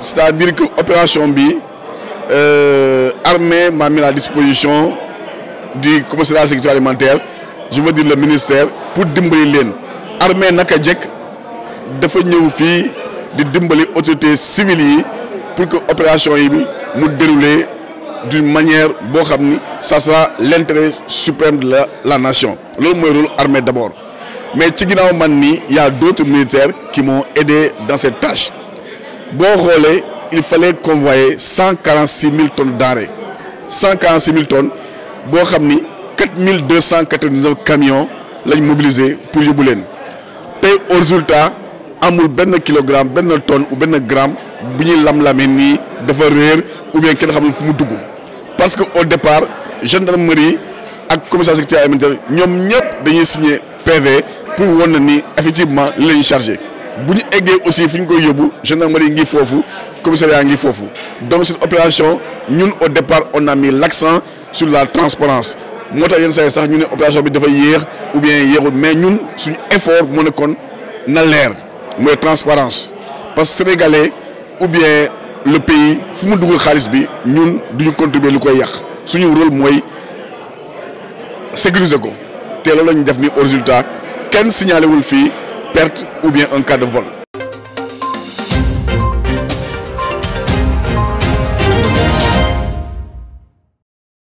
C'est-à-dire que l'opération B, l'armée euh, armée m'a mis à disposition du commissariat de sécurité alimentaire, je veux dire le ministère, pour dimbali len. Armée n'a djek, de de di dimbali autorités civiles pour que l'opération B nous déroule d'une manière bonne. Ce ça sera l'intérêt suprême de la nation L'homme rôle armée d'abord mais il y a d'autres militaires qui m'ont aidé dans cette tâche le il fallait convoyer 146 000 tonnes d'arrêt. 146 000 tonnes Bon xam camions lañ mobilisé pour yóbbu au résultat amul ben kilogramme ben tonne ou ben gramme bu lam lameni, ou bien parce qu'au départ gendarmerie ak commissaire secrétaire signé PV pour effectivement les charger bu ñu eggee aussi fi ñu koy yóbbu gendarmerie ngi Fofu, commissariat ngi Fofu. donc cette opération ñun au départ on a mis l'accent sur la transparence moo tax yenn saa sax opération bi dafa yéex ou bien hier mais ñun sur effort mu ne kon na leer mooy transparence parce que sénégalais ou bien le pays fu mu dugal nous bi ñun duñu contribuer lu koy rôle mooy sécuriser ko te loolu la def ni au résultat kenn signalé wul fii ou bien un cas de vol.